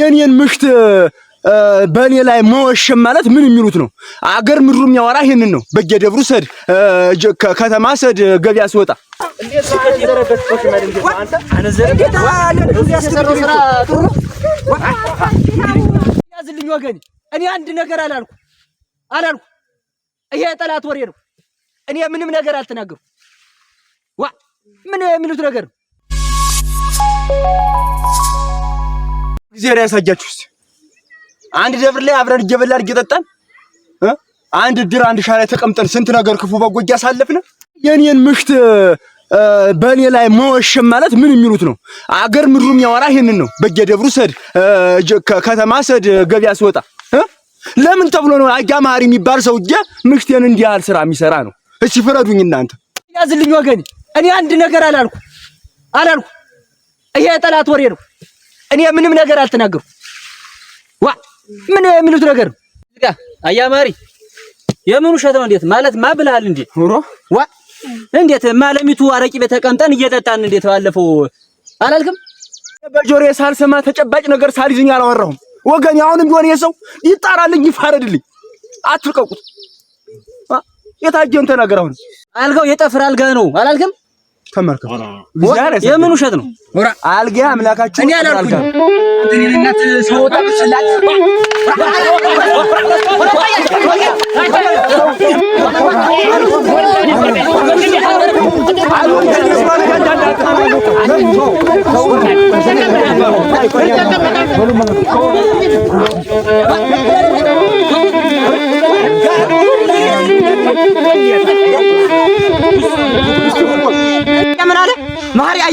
የኔን ምሽት በእኔ ላይ መወሸም ማለት ምን የሚሉት ነው? አገር ምድሩ የሚያወራ ይሄንን ነው። በየደብሩ ሰድ፣ ከተማ ሰድ፣ ገበያ ሲወጣ ያዝልኝ ወገኔ። እኔ አንድ ነገር አላልኩ አላልኩ ይሄ የጠላት ወሬ ነው። እኔ ምንም ነገር አልተናገርኩም። ዋ ምን የሚሉት ነገር ነው? እግዚአብሔር ያሳያችሁስ። አንድ ደብር ላይ አብረን እየበላን እየጠጣን አንድ ድር አንድ ሻ ላይ ተቀምጠን ስንት ነገር ክፉ በጎ እያሳለፍን የኔን ምሽት በእኔ ላይ መወሸም ማለት ምን የሚሉት ነው? አገር ምድሩ የሚያወራ ይሄንን ነው። በየደብሩ ሰድ ከተማ ሰድ ገበያ ስወጣ? ለምን ተብሎ ነው አጃማሪ የሚባል ሰውዬ ምክቴን እንዲያህል ስራ የሚሰራ ነው? እሺ ፍረዱኝ እናንተ። ያዝልኝ ወገኔ፣ እኔ አንድ ነገር አላልኩ አላልኩ። ይሄ የጠላት ወሬ ነው። እኔ ምንም ነገር አልተናገሩ? ዋ ምን የሚሉት ነገር ነው? እጋ አያማሪ የምን ውሸት ነው? እንዴት ማለት ማ ብለሃል እንዴ? ኑሮ ዋ እንዴት ማለሚቱ አረቂ ቤት ተቀምጠን እየጠጣን እንዴት ባለፈው አላልክም? በጆሮዬ ሳልሰማ ተጨባጭ ነገር ሳልይዝኝ አላወራሁም። ወገን አሁንም ቢሆን ይሄ ሰው ይጣራልኝ፣ ይፋረድልኝ። አትልቀቁት። የታጀን ተናገር። አሁን አልጋው የጠፍር አልጋ ነው አላልክም? ተመልከቱ። የምኑ ውሸት ነው? አልጋ አምላካችሁ እኔ አላልኩም።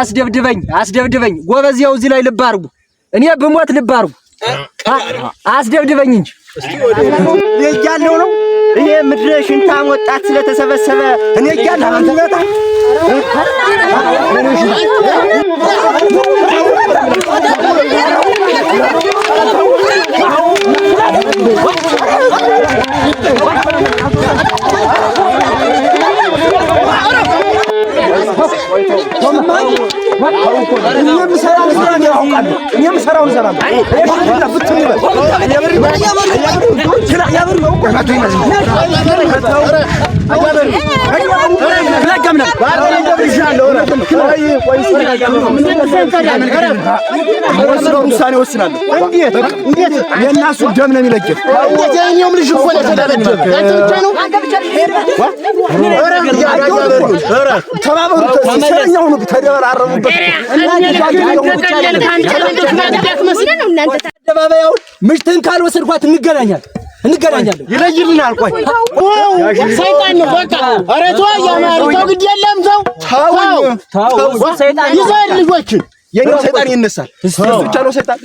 አስደብድበኝ አስደብድበኝ። ጎበዝ ያው እዚህ ላይ ልብ አድርጉ። እኔ ብሞት ልብ አድርጉ። አስደብድበኝ እንጂ እያለሁ ነው እኔ ምድረ ሽንታም ወጣት ስለተሰበሰበ እኔ እያለሁ ነው። ሰራውን ውሳኔ ወስናለሁ። እንዴት የእናሱ ደም ነው የሚለግፍ። የእኔውም ልጅ እኮ የተደበደበ ተባበሩ፣ ሰለኛ ሆኑ፣ ተደበራረቡበት። አደባባይ አሁን ምሽትህን ካልወሰድኳት እንገናኛለን። እንገናኛለን። ይለይልናል። ቆይ ሰይጣን ነው በቃ። ኧረ ተው እያማሩ ተው፣ ግድ የለም ተው፣ ተው ሰይጣን ይዘን ልጆችን የኛው ሰይጣን ይነሳል። ብቻ ነው ሰይጣን።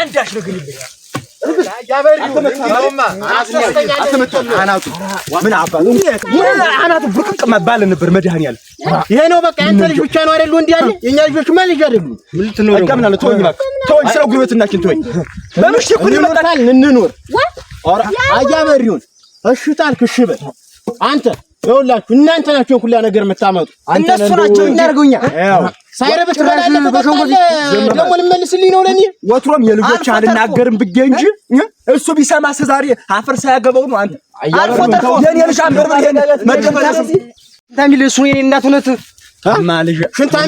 አንዳች ነገር ይለኛል አናቱ ብርቅቅ መባል ነበር። መድኃኒዓለም ይሄ ነው በቃ። ያንተ ልጅ ብቻ ነው አይደሉ? እንዲህ ያለ የእኛ ልጆች ማ ልጅ አይደሉ? ምናለ ተወኝ፣ ተወኝ፣ ስለ ጉልበትናችን ተወኝ። በምሽ ኩል ይመጣል እንኑር። አያበሪውን እሽታል ክሽበት አንተ ይኸውላችሁ እናንተ ናችሁ ሁላ ነገር የምታመጡ እነሱ ናቸው። እናርጉኛ ሳይረበት ባላለ በሸንጎት ደሞ ልመልስልኝ ነው ለኔ ወትሮም የልጆች አልናገርም ብዬ እንጂ እሱ ቢሰማ ዛሬ አፈር ሳያገባው ነው። አንተ አልፎ ተርፎ የኔ ልጅ አንበር ይሄን መደፈራስ ታሚል እሱ የኔ እናት እውነት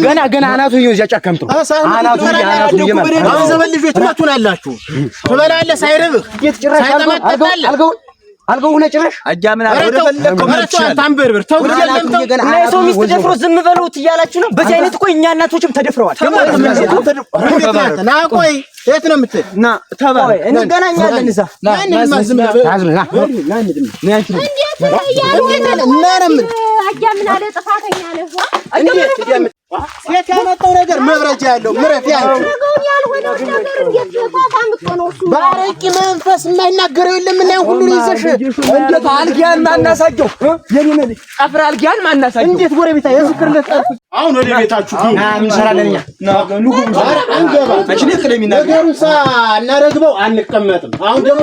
ገና ገና አናቱ ይዩ እዚያ ጫካምቱ አናቱ ያናቱ ዘበል ልጆች እናቱን አላችሁ ትበላለህ አልገው አልገው አልገው ሁነ ጭራሽ አጃ ምን አለ ወደ ፈለከው ሰው ሚስት ደፍሮ ዝም በሉት እያላችሁ ነው። በዚህ አይነት እኮ እኛ እናቶችም ተደፍረዋል። ቆይ የት ነው የምትሄድ? ና ተባለ እንገናኛለን እዛ ሴት ያመጣው ነገር መብረጃ ያለው ምረፍ ያለው በአረቂ መንፈስ የማይናገረው የለም እና ሁሉን ይዘሽ እንዴት አልጊያን ማናሳጀው ጠፍር አልጊያን ማናሳጀው እንዴት ጎረቤታ የዝክር ልትጠርፍ አሁን ወደ ቤታችሁ እንሰራለን። ነገሩን ሳናረግበው አንቀመጥም። አሁን ደግሞ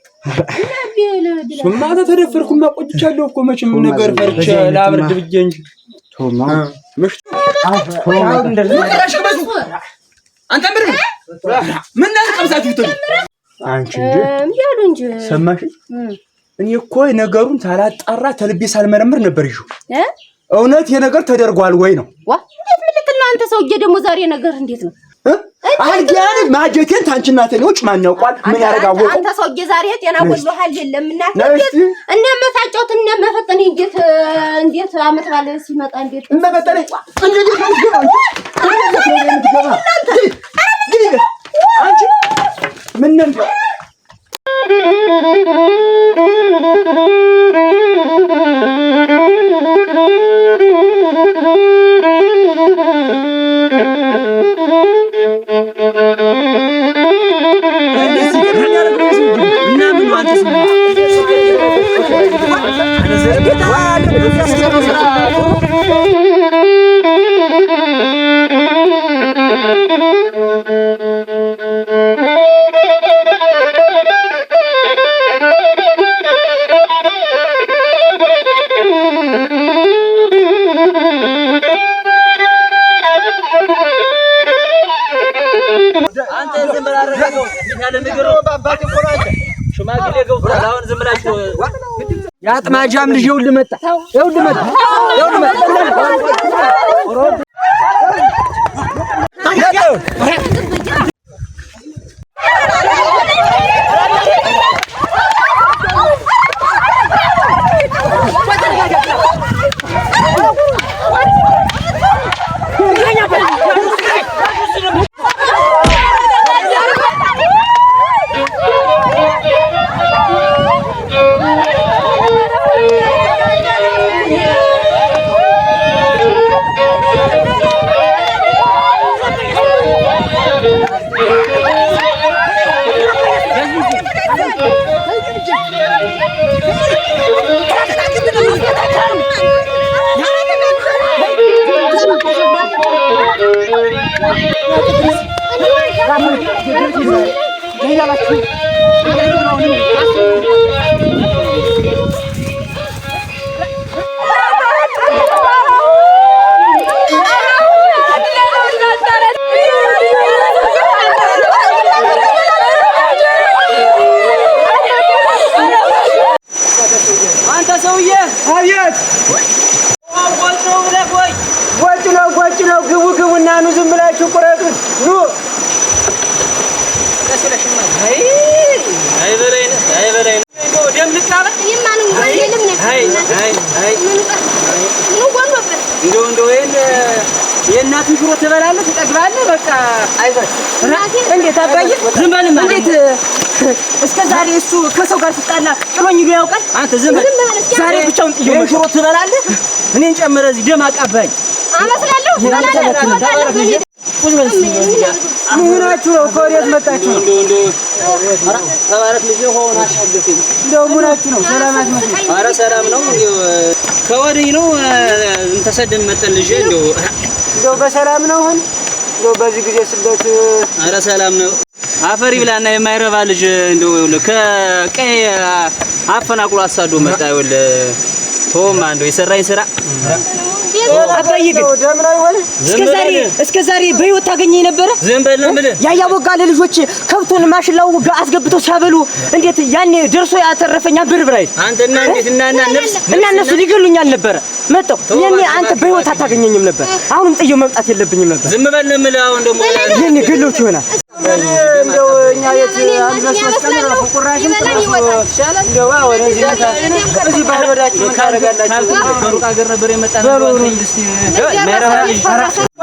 እሱማ ተደፈርኩማ ቆጭቻለሁ እኮ መቼም ነገር ፈርቼ ላብርድ ብዬ እንጂ ሰማሽ? እኔ እኮ ነገሩን ሳላጣራ ተልቤ ሳልመረምር ነበር ይዤው። እውነት የነገር ተደርጓል ወይ ነው? ዋ እንዴት ምልክት ነው አንተ ሰውዬ፣ ደግሞ ዛሬ ነገር እንዴት ነው? አልጋን ማጀቴን ታንቺና ተኔ ውጭ ማን ያውቋል? ምን ያረጋው? አንተ ሰውዬ ዛሬ ጤና ጎሎሃል። የለም እናት እና መታጨት እና መፈጠን እንዴት እንዴት አመት ባለ ሲመጣ እንዴት መፈጠን እንዴት አንቺ እንዴት ነው የአጥማጃም ልጅ ይኸውልህ መጣ፣ ይኸውልህ መጣ፣ ይኸውልህ መጣ። Vamos, vamos, vamos. Mira la chica. እንዴት አባዬ ዝም በል እንዴት እስከ ዛሬ እሱ ከሰው ጋር ሲጣላ ጥሎኝ ሄዶ ያውቃል? አንተ ዝም በል ዛሬ ብቻውን ጥየው ነው ሽሮ ትበላለህ። እኔን ጨምረህ እዚህ ደም አቃባኝ አመስላለሁ። ትበላለህ። ቁጭ በል ምናችሁ ነው? ከወዴት መጣችሁ እንደው ምናችሁ ነው? ሰላም አትመስልም። ኧረ ሰላም ነው። ከወዲህ ነው ተሰደን መጠን ልጄ እንደው እንደው በሰላም ነው አሁን ነው በዚህ ጊዜ ስለት? አረ ሰላም ነው። አፈሪ ብላና የማይረባ ልጅ እንደው ከቀይ አፈናቅሎ አሳዶ መጣ። ይወል ቶም አንዶ የሰራኝ ስራ እስከ ዛሬ በህይወት ታገኘ ነበረ። ዝም በል ነው የምልህ። ያ ከብቱን ማሽላው ሲያበሉ እንዴት ያኔ ደርሶ ያተረፈኛ ብር ብራይ እንዴት እና እና ነፍስ እና እነሱ ሊገሉኛል ነበረ መጣሁ። የኔ አንተ በህይወት አታገኘኝም ነበር። አሁንም ጥየው መምጣት የለብኝም ነበር። ዝም በል ነው አሁን ደግሞ የኔ ገሎት ይሆናል። እንደው እኛ የት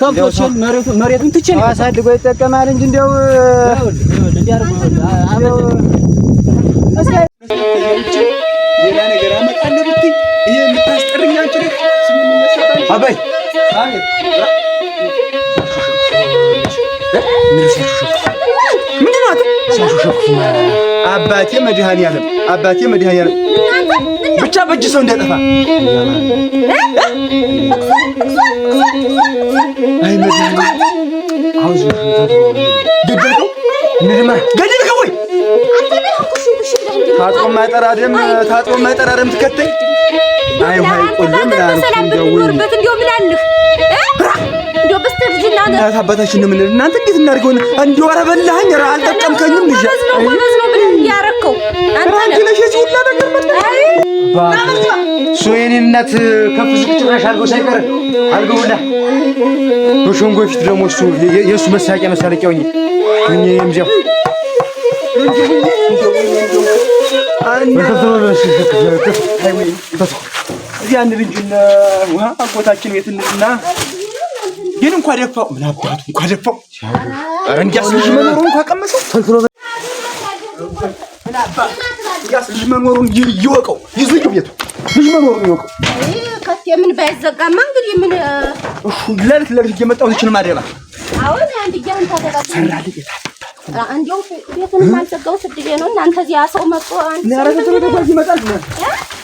ከብቶችን መሬቱን ትችል አሳድጎ ይጠቀማል እንጂ እንደው አባቴ መድኃኔዓለም አባቴ መድኃኔዓለም ብቻ በእጅ ሰው እንዳያጠፋ። ታጥቦ የማይጠራ ደም ታጥቦ የማይጠራ ደም ትከተኝ። አይ ወይ ቆልም አባታችን ነው የምንል እናንተ እንዴት እናድርገው? እንዲሁ ኧረ በላኸኝ፣ ኧረ አልጠቀምከኝም። ልጅ ያረከው አንተ ነሽ አባት እሱ የኔ እናት ከፍ ዝቅ ብለሽ አልጎ ሳይቀር አልገቡና በሸንጎ ፊት ደግሞ እሱ የእሱ መሳቂያ መሳለቂያ ሆኜ እኔ የምዚያው እዚህ አንድ ልጅ አጎታችን ቤት እንልና ግን እንኳ ደፋው ምን አባቱ እንኳ ደፋው እንዲያስ ልጅ መኖሩ እንኳ ቀመሰው ኢሳያስ ልጅ መኖሩን ይወቀው። ይዝቅ ቤቱ ልጅ መኖሩን ይወቀው። ከፍ የምን ባይዘጋማ እንግዲህ ምን እሺ፣ ለልክ ለልክ እየመጣሁ እችል ማደራ አሁን አንድ ይያን ታደረጋ ሰራል ቤታ አንዴው ቤቱን ማልዘጋው ስድቤ ነው። እናንተ እዚያ ሰው መጥቶ አንተ ያረጋግጥ ነው ይመጣል ነው